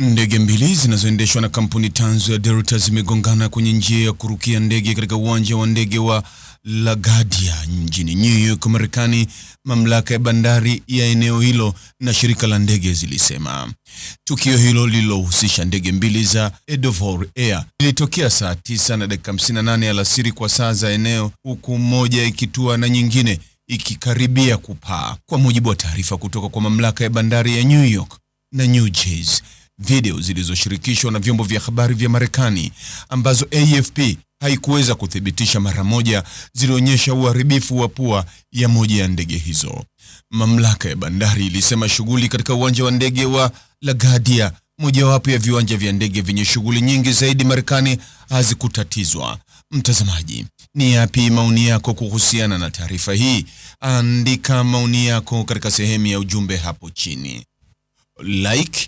Ndege mbili zinazoendeshwa na kampuni tanzu ya Delta zimegongana kwenye njia ya kurukia ndege katika uwanja wa ndege wa LaGuardia mjini New York, Marekani, mamlaka ya bandari ya eneo hilo na shirika la ndege zilisema. Tukio hilo lililohusisha ndege mbili za Edovor Air lilitokea saa 9 na dakika 58 alasiri kwa saa za eneo, huku moja ikitua na nyingine ikikaribia kupaa, kwa mujibu wa taarifa kutoka kwa mamlaka ya bandari ya New York na New Jersey video zilizoshirikishwa na vyombo vya habari vya Marekani ambazo AFP haikuweza kuthibitisha mara moja zilionyesha uharibifu wa pua ya moja ya ndege hizo. Mamlaka ya bandari ilisema shughuli katika uwanja wa ndege wa LaGuardia, mojawapo ya viwanja vya ndege vyenye shughuli nyingi zaidi Marekani, hazikutatizwa. Mtazamaji, ni yapi maoni yako kuhusiana na taarifa hii? Andika maoni yako katika sehemu ya ujumbe hapo chini. Like,